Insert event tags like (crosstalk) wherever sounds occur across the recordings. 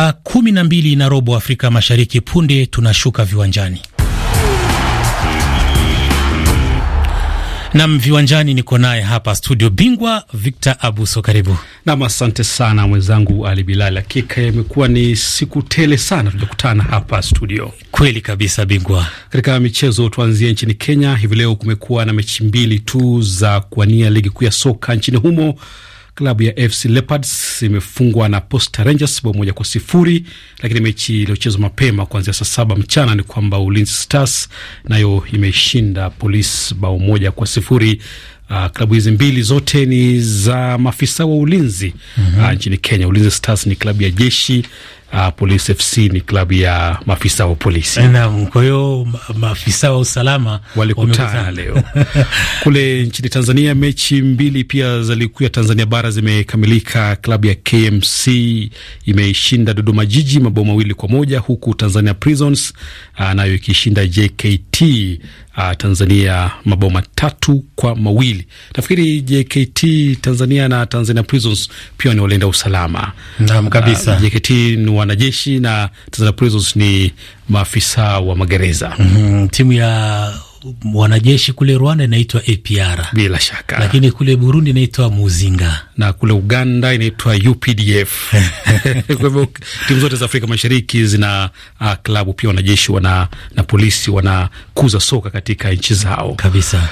Ah, kumi na mbili na robo Afrika Mashariki. Punde tunashuka viwanjani nam viwanjani, niko naye hapa studio bingwa Victor Abuso, karibu nam. Asante sana mwenzangu Ali Bilal, hakika imekuwa ni siku tele sana tujakutana hapa studio. Kweli kabisa bingwa. Katika michezo, tuanzie nchini Kenya. Hivi leo kumekuwa na mechi mbili tu za kuwania ligi kuu ya soka nchini humo Klabu ya FC Leopards imefungwa na Posta Rangers bao moja kwa sifuri, lakini mechi iliyochezwa mapema kuanzia saa saba mchana ni kwamba Ulinzi Stars nayo imeshinda polis bao moja kwa sifuri. Uh, klabu hizi mbili zote ni za maafisa wa ulinzi mm -hmm. Uh, nchini Kenya Ulinzi Stars ni klabu ya jeshi uh, Police FC ni klabu ya maafisa wa polisi. Naam, kwa hiyo maafisa wa usalama walikutana leo (laughs) kule nchini Tanzania. Mechi mbili pia za ligi ya Tanzania bara zimekamilika. Klabu ya KMC imeishinda Dodoma Jiji mabao mawili kwa moja huku Tanzania Prisons uh, nayo ikishinda JKT uh, Tanzania mabao matatu kwa mawili. Nafikiri JKT Tanzania na Tanzania Prisons pia ni walinda usalama. Naam ah, kabisa. Uh, JKT ni wanajeshi na Tanzania Prisons ni maafisa wa magereza. Mm -hmm. Timu ya wanajeshi kule Rwanda inaitwa APR, bila shaka, lakini kule Burundi inaitwa Muzinga na kule Uganda inaitwa UPDF. (laughs) Kwa hivyo timu zote za Afrika Mashariki zina uh, klabu pia wanajeshi wana, na polisi wanakuza soka katika nchi zao kabisa.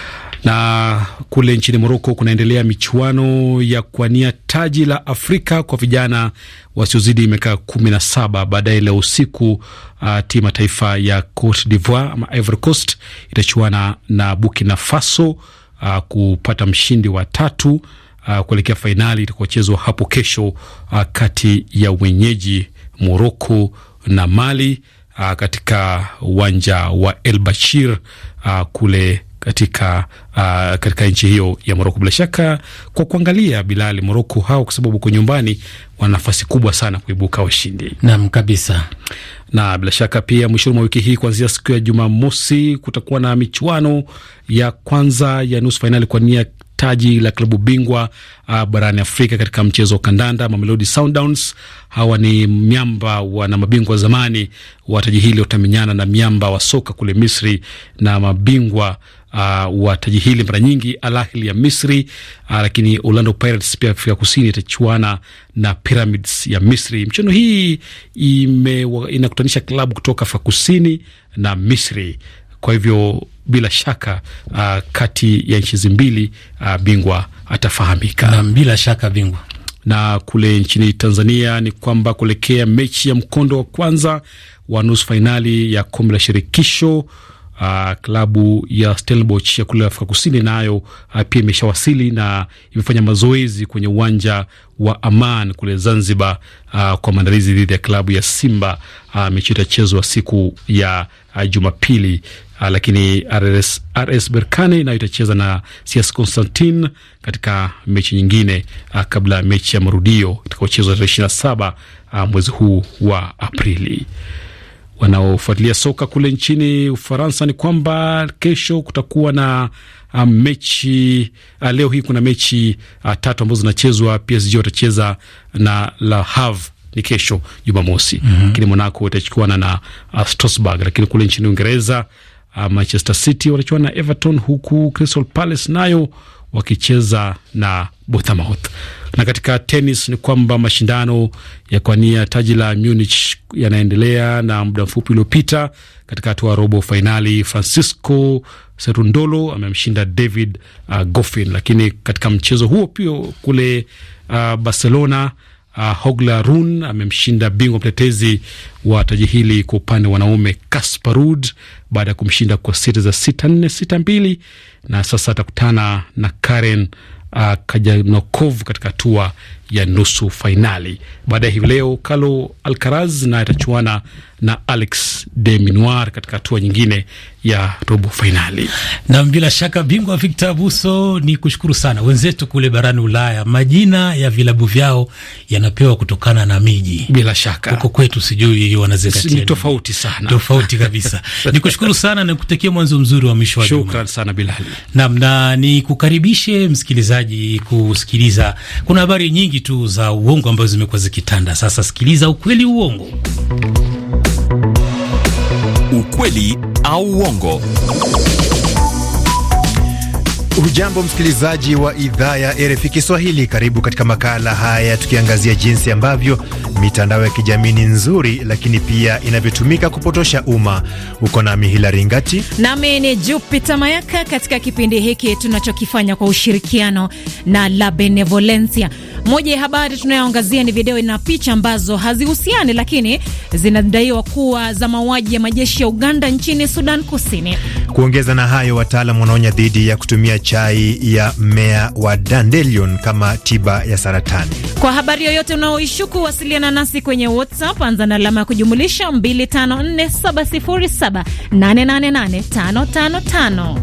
Na kule nchini Moroko kunaendelea michuano ya kuania taji la Afrika kwa vijana wasiozidi miaka kumi na saba. Baadaye leo usiku, uh, timu ya taifa ya Cote d'Ivoire ama Ivory Coast itachuana na Burkina Faso uh, kupata mshindi wa tatu uh, kuelekea fainali itakaochezwa hapo kesho uh, kati ya wenyeji Moroko na Mali uh, katika uwanja wa El Bashir uh, kule katika uh, katika nchi hiyo ya Moroko. Bila shaka kwa kuangalia Bilali, Moroko hao kwa sababu kwa nyumbani wana nafasi kubwa sana kuibuka washindi. Naam kabisa. Na bila shaka pia mwishoni mwa wiki hii kuanzia siku ya Jumamosi kutakuwa na michuano ya kwanza ya nusu fainali kwa nia taji la klabu bingwa uh, barani Afrika katika mchezo wa kandanda. Mamelodi Sundowns hawa ni miamba wa na mabingwa zamani wa taji hili, watamenyana na miamba wa soka kule Misri na mabingwa uh, wa taji hili mara nyingi Al Ahly ya Misri uh, lakini Orlando Pirates pia Afrika Kusini itachuana na Pyramids ya Misri. Mchano hii ime, inakutanisha klabu kutoka Afrika Kusini na Misri, kwa hivyo bila shaka uh, kati ya nchi hizi mbili uh, bingwa atafahamika na bila shaka bingwa na kule nchini Tanzania ni kwamba kuelekea mechi ya mkondo wa kwanza wa nusu fainali ya kombe la shirikisho Uh, klabu ya Stellenbosch ya kule Afrika Kusini nayo uh, pia imeshawasili na imefanya mazoezi kwenye uwanja wa Aman kule Zanzibar uh, kwa maandalizi dhidi ya klabu ya Simba. Uh, mechi itachezwa siku ya uh, Jumapili. Uh, lakini RS, RS Berkane nayo itacheza na CS Constantine katika mechi nyingine uh, kabla ya mechi ya marudio itakayochezwa tarehe ishirini na saba uh, mwezi huu wa Aprili wanaofuatilia soka kule nchini Ufaransa ni kwamba kesho kutakuwa na ah, mechi. Ah, leo hii kuna mechi ah, tatu ambazo zinachezwa. PSG watacheza na Le Havre ni kesho Jumamosi, mhm. lakini mm -hmm. Monaco itachukuana na uh, Strasbourg, lakini kule nchini Uingereza Uh, Manchester City watachuana na Everton, huku Crystal Palace nayo wakicheza na Bournemouth. Na katika tenis ni kwamba mashindano ya kuania taji la Munich yanaendelea, na muda mfupi uliopita katika hatua robo fainali Francisco Serundolo amemshinda David uh, Goffin. Lakini katika mchezo huo pia kule uh, Barcelona Uh, Hogla Run amemshinda bingwa mtetezi wa taji hili kwa upande wa wanaume Casper Ruud baada ya kumshinda kwa seti za sita nne sita mbili na sasa atakutana na Karen uh, Kajanokov katika hatua ya nusu fainali. Baada ya hivi leo, Carlo Alcaraz naye atachuana na Alex de Minaur katika hatua nyingine ya robo fainali. Nam, bila shaka bingwa Victor Buso, ni kushukuru sana wenzetu kule barani Ulaya, majina ya vilabu vyao yanapewa kutokana na miji. Bila shaka huko kwetu sijui wanazingatia tofauti sana, tofauti kabisa. (laughs) ni kushukuru sana na kutakia mwanzo mzuri wa mwisho wa juma. Shukran sana Bilali. Nam, na ni kukaribishe msikilizaji kusikiliza, kuna habari nyingi nyingi tu za uongo ambazo zimekuwa zikitanda. Sasa sikiliza ukweli uongo. Ukweli au uongo. Hujambo msikilizaji wa idhaa ya RFI Kiswahili, karibu katika makala haya tukiangazia jinsi ambavyo mitandao ya kijamii ni nzuri, lakini pia inavyotumika kupotosha umma. Uko nami Hilari Ngati nami ni Jupita Mayaka katika kipindi hiki tunachokifanya kwa ushirikiano na La Benevolencia. Moja ya habari tunayoangazia ni video na picha ambazo hazihusiani, lakini zinadaiwa kuwa za mauaji ya majeshi ya Uganda nchini Sudan Kusini. Kuongeza na hayo, wataalam wanaonya dhidi ya kutumia chai ya mmea wa dandelion kama tiba ya saratani. Kwa habari yoyote unaoishuku, wasiliana nasi kwenye WhatsApp, anza na alama ya kujumulisha 254707888555.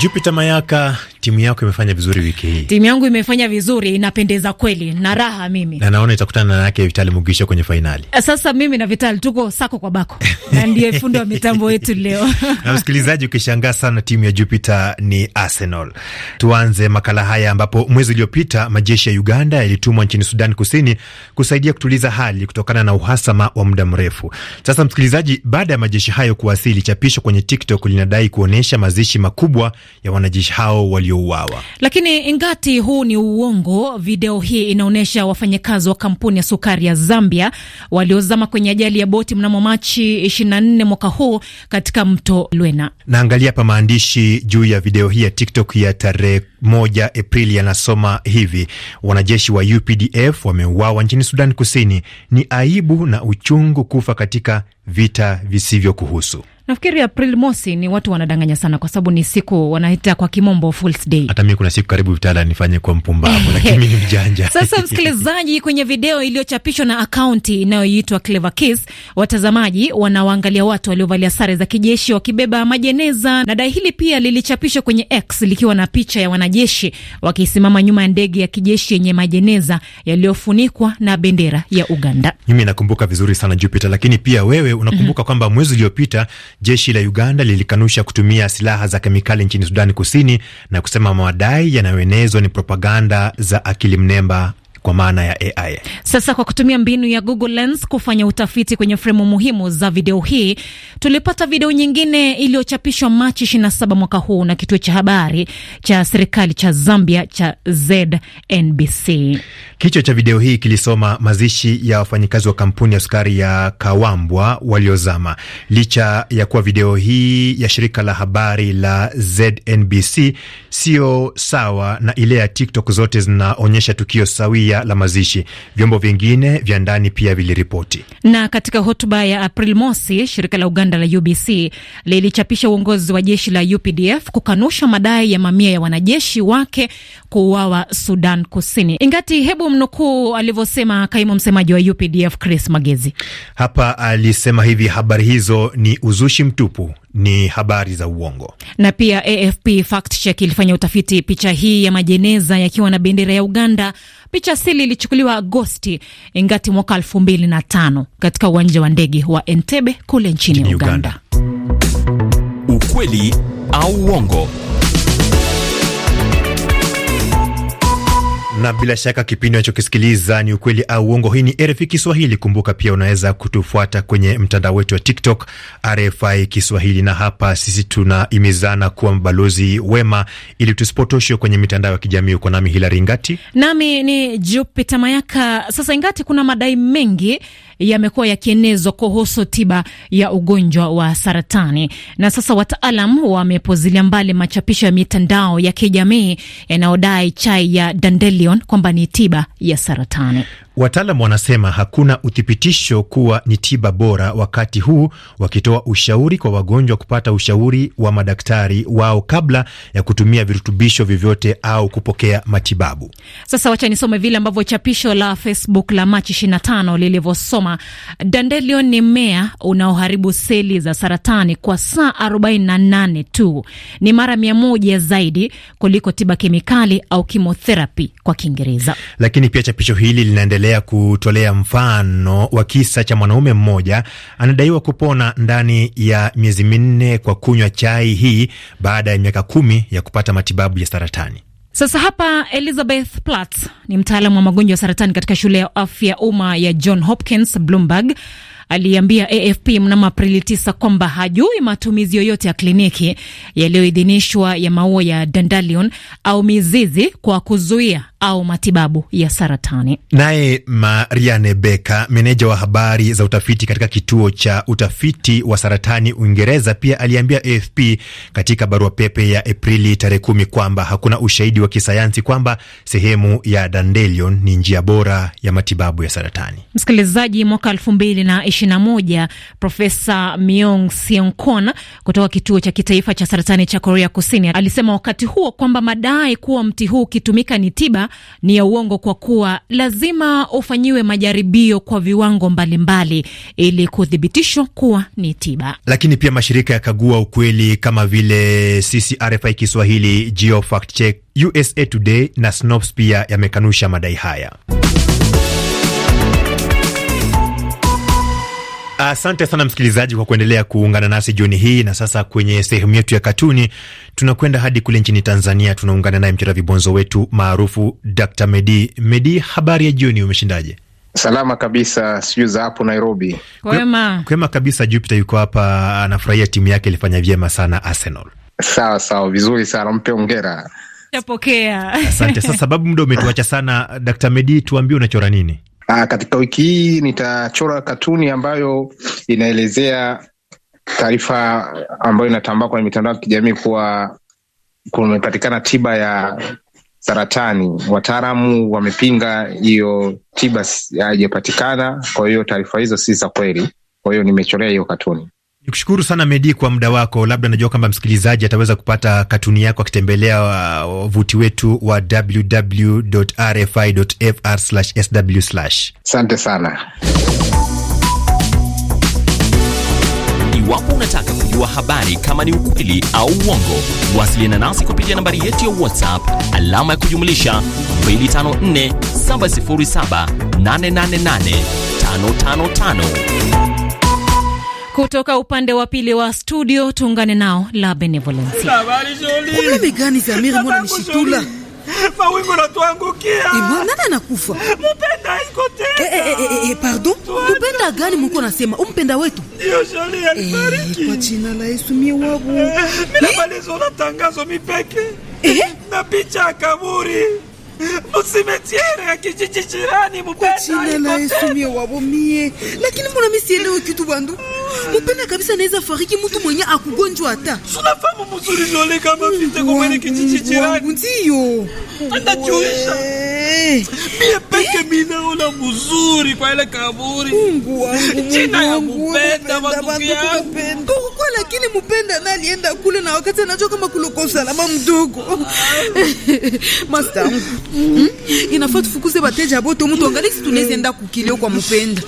Jupiter Mayaka timu yako imefanya vizuri wiki hii. Timu yangu imefanya vizuri, inapendeza kweli na raha mimi. Na naona itakutana na yake Vitali Mugisho kwenye fainali. Eh, sasa mimi na Vitali tuko sako kwa bako. (laughs) Na ndiye fundi wa mitambo yetu leo. (laughs) Na msikilizaji, ukishangaa sana timu ya Jupiter ni Arsenal. Tuanze makala haya ambapo mwezi uliopita majeshi ya Uganda yalitumwa nchini Sudan Kusini kusaidia kutuliza hali kutokana na uhasama wa muda mrefu. Sasa msikilizaji, baada ya majeshi hayo kuwasili, chapisho kwenye TikTok linadai kuonyesha mazishi makubwa ya wanajeshi hao walio waliouawa. Lakini ingati huu ni uongo, video hii inaonyesha wafanyakazi wa kampuni ya sukari ya Zambia waliozama kwenye ajali ya boti mnamo Machi 24 mwaka huu katika mto Lwena. Naangalia hapa maandishi juu ya video hii ya TikTok ya tarehe moja Aprili yanasoma hivi: wanajeshi wa UPDF wameuawa nchini Sudan Kusini, ni aibu na uchungu kufa katika vita visivyokuhusu. Nafikiri April mosi ni watu wanadanganya sana, kwa sababu ni siku wanaita kwa kimombo Fools Day. Hata mimi kuna siku karibu vitala nifanye kwa mpumbavu, lakini mimi ni mjanja. (laughs) Sasa msikilizaji, kwenye video iliyochapishwa na akaunti inayoitwa Clever Kiss, watazamaji wanawaangalia watu waliovalia sare za kijeshi wakibeba majeneza, na dai hili pia lilichapishwa kwenye X likiwa na picha ya wanajeshi wakisimama nyuma ya ndege ya kijeshi yenye majeneza yaliyofunikwa na bendera ya Uganda. Mimi nakumbuka vizuri sana Jupiter, lakini pia wewe unakumbuka mm -hmm. kwamba mwezi uliopita Jeshi la Uganda lilikanusha kutumia silaha za kemikali nchini Sudani Kusini na kusema madai yanayoenezwa ni propaganda za akili mnemba kwa maana ya AI. Sasa kwa kutumia mbinu ya Google Lens kufanya utafiti kwenye fremu muhimu za video hii, tulipata video nyingine iliyochapishwa Machi 27 mwaka huu na kituo cha habari cha serikali cha Zambia cha ZNBC. Kichwa cha video hii kilisoma mazishi ya wafanyikazi wa kampuni ya sukari ya Kawambwa waliozama. Licha ya kuwa video hii ya shirika la habari la ZNBC sio sawa na ile ya TikTok, zote zinaonyesha tukio sawia moja la mazishi. Vyombo vingine vya ndani pia viliripoti. Na katika hotuba ya April mosi, shirika la Uganda la UBC lilichapisha uongozi wa jeshi la UPDF kukanusha madai ya mamia ya wanajeshi wake kuuawa Sudan Kusini. Ingati, hebu mnukuu alivyosema kaimu msemaji wa UPDF Chris Magezi. Hapa alisema hivi, habari hizo ni uzushi mtupu ni habari za uongo. Na pia AFP fact check ilifanya utafiti, picha hii ya majeneza yakiwa na bendera ya Uganda, picha asili ilichukuliwa Agosti ingati mwaka elfu mbili na tano katika uwanja wa ndege wa Entebbe kule nchini Uganda. Uganda. Ukweli au uongo na bila shaka kipindi unachokisikiliza ni ukweli au uongo. Hii ni RFI Kiswahili. Kumbuka pia unaweza kutufuata kwenye mtandao wetu wa TikTok RFI Kiswahili, na hapa sisi tunahimizana kuwa mabalozi wema ili tusipotoshwe kwenye mitandao ya kijamii. Uko nami Hilari Ngati nami ni Jupita Mayaka. Sasa Ingati, kuna madai mengi yamekuwa yakienezwa kuhusu tiba ya ugonjwa wa saratani, na sasa wataalam wamepozilia mbali machapisho ya mitandao ya kijamii yanayodai chai ya dandelion Omicron kwamba ni tiba ya saratani. Wataalam wanasema hakuna uthibitisho kuwa ni tiba bora, wakati huu wakitoa ushauri kwa wagonjwa kupata ushauri wa madaktari wao kabla ya kutumia virutubisho vyovyote au kupokea matibabu. Sasa wacha nisome vile ambavyo chapisho la Facebook la Machi 25 lilivyosoma. Dandelion ni mmea unaoharibu seli za saratani kwa saa 48 tu, ni mara mia moja zaidi kuliko tiba kemikali au kimotherapi kwa Kiingereza. Lakini pia chapisho hili linaendelea kutolea mfano wa kisa cha mwanaume mmoja anadaiwa kupona ndani ya miezi minne kwa kunywa chai hii baada ya miaka kumi ya kupata matibabu ya saratani. Sasa hapa Elizabeth Platts ni mtaalamu wa magonjwa ya saratani katika shule ya afya ya umma ya John Hopkins Bloomberg aliambia AFP mnamo Aprili 9 kwamba hajui matumizi yoyote ya kliniki yaliyoidhinishwa ya maua ya dandalion au mizizi kwa kuzuia au matibabu ya saratani. Naye Mariane Beka, meneja wa habari za utafiti katika kituo cha utafiti wa saratani Uingereza, pia aliambia AFP katika barua pepe ya Aprili tarehe kumi kwamba hakuna ushahidi wa kisayansi kwamba sehemu ya dandelion ni njia bora ya matibabu ya saratani. Msikilizaji, mwaka elfu mbili na ishirini na moja Profesa Myong Sionkon kutoka kituo cha kitaifa cha saratani cha Korea Kusini alisema wakati huo kwamba madai kuwa mti huu ukitumika ni tiba ni ya uongo kwa kuwa lazima ufanyiwe majaribio kwa viwango mbalimbali ili kuthibitishwa kuwa ni tiba. Lakini pia mashirika ya kagua ukweli kama vile CCRFI Kiswahili, GeoFactCheck, USA Today na Snopes pia yamekanusha madai haya. Asante sana msikilizaji kwa kuendelea kuungana nasi jioni hii. Na sasa kwenye sehemu yetu ya katuni, tunakwenda hadi kule nchini Tanzania. Tunaungana naye mchora vibonzo wetu maarufu Dr Medi. Medi, habari ya jioni, umeshindaje? Salama kabisa, sijui za hapo Nairobi. Kwema, kwema kabisa. Jupiter yuko hapa anafurahia timu yake ilifanya vyema sana Arsenal. Sawa sawa, vizuri sana, mpe ongera. Tapokea. Asante. Sasa sababu muda umetuacha sana, Dr Medi, tuambie unachora nini? Aa, ah, katika wiki hii nitachora katuni ambayo inaelezea taarifa ambayo inatambaa kwenye mitandao ya kijamii kuwa kumepatikana tiba ya saratani. Wataalamu wamepinga hiyo tiba haijapatikana, kwa hiyo taarifa hizo si za kweli. Kwa hiyo nimechorea hiyo katuni. Nikushukuru sana Medi kwa muda wako. Labda najua kwamba msikilizaji ataweza kupata katuni yako akitembelea uh, wavuti wetu wa www.rfi.fr/sw. Asante sana. Iwapo unataka kujua habari kama ni ukweli au uongo, wasiliana nasi kupitia nambari yetu ya WhatsApp alama ya kujumlisha 254 707 888 555. Kutoka upande wa pili wa studio tuungane nao la nishitula eh, iko tena. Eh, eh, eh, eh, eh pardon, gani mko nasema? Umpenda wetu alifariki kwa jina la Yesu. na tangazo mipeke na picha ya kaburi musimetiere ya kijiji jirani. kwa jina la Yesu mie, lakini kitu bandu Mupenda kabisa naweza fariki mtu mwenye akugonjwa hata. Tunafahamu mzuri Jole kama vita kumwene kijiji jirani. Ndio. Anajuisha. Mie peke mina ona mzuri kwa ile kaburi. Mungu wangu. Jina ya Mupenda matukia. Kwa lakini Mupenda na alienda kule na wakati anajua kama kuloko usalama mdogo. (laughs) Master. Eh. Hmm? Inafaa tufukuze bateja bote mtu angalisi tunaweza enda kukilio kwa Mupenda.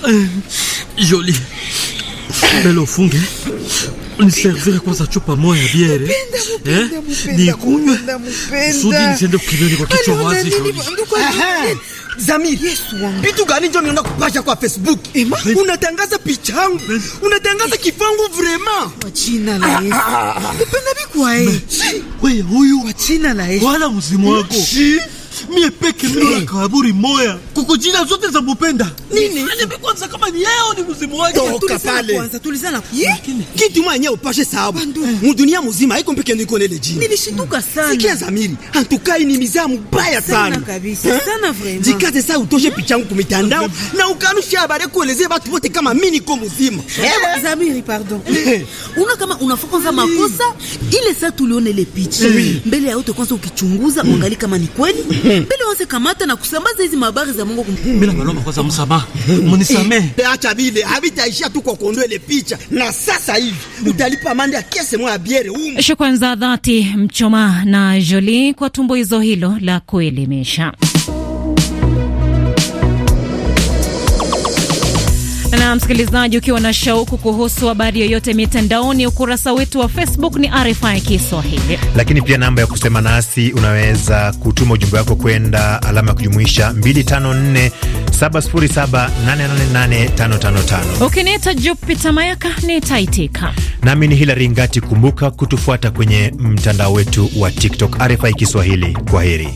Jolie. Eh. Mbele ufunge niservire kwanza chupa moya ya biere eh, nikunywe sudi nisiende kilele kwa kichwa wazi. Zamir, yes, bitu gani njo niona kupasha kwa Facebook? Ema, Unatangaza picha yangu, unatangaza kifangu vrema. Wachina ah, ah, ah, la Yesu. Upenda bikuwa bikwae. Wewe huyu wachina la Yesu. Wala mzimu wako mie peke mlula kaburi moya kuko jina zote za mupenda nini nipe kwanza kama ni yao ni mzimu wake toka pale kwanza tulizana kitu mwenye upashe sababu eh. mu dunia mzima haiko peke mpeke niko nele jina nilishituka hmm. sana sikia zamiri antukai ni mizamu baya sana kabisa eh? sana vraiment dikate sa utoje picha yangu kumitandao na ukanusha habari kueleze watu wote kama mimi niko mzima eh, zamiri pardon una kama unafukuza makosa ile sa tulione ile picha mbele ya wote kwanza ukichunguza hmm. uangalie kama ni kweli Eh. mbele kamata na kusambaza hizi mabari za Mungu. Mimi naomba kwanza msamaha, mnisamehe. Eh, eh, acha vile havitaishia tu kwa kuondoa ile picha, na sasa hivi mm. utalipa mande ya kese moja biere huko. Shukrani za dhati Mchoma na Jolie kwa tumbo hizo hilo la kuelimisha. na msikilizaji, ukiwa na shauku kuhusu habari yoyote mitandaoni, ukurasa wetu wa Facebook ni RFI Kiswahili, lakini pia namba ya kusema nasi, unaweza kutuma ujumbe wako kwenda alama ya kujumuisha 254 707 888 Ukiniita Jupita Mayaka nitaitika, nami ni Hilari Ngati. Kumbuka kutufuata kwenye mtandao wetu wa TikTok RFI Kiswahili. Kwa heri.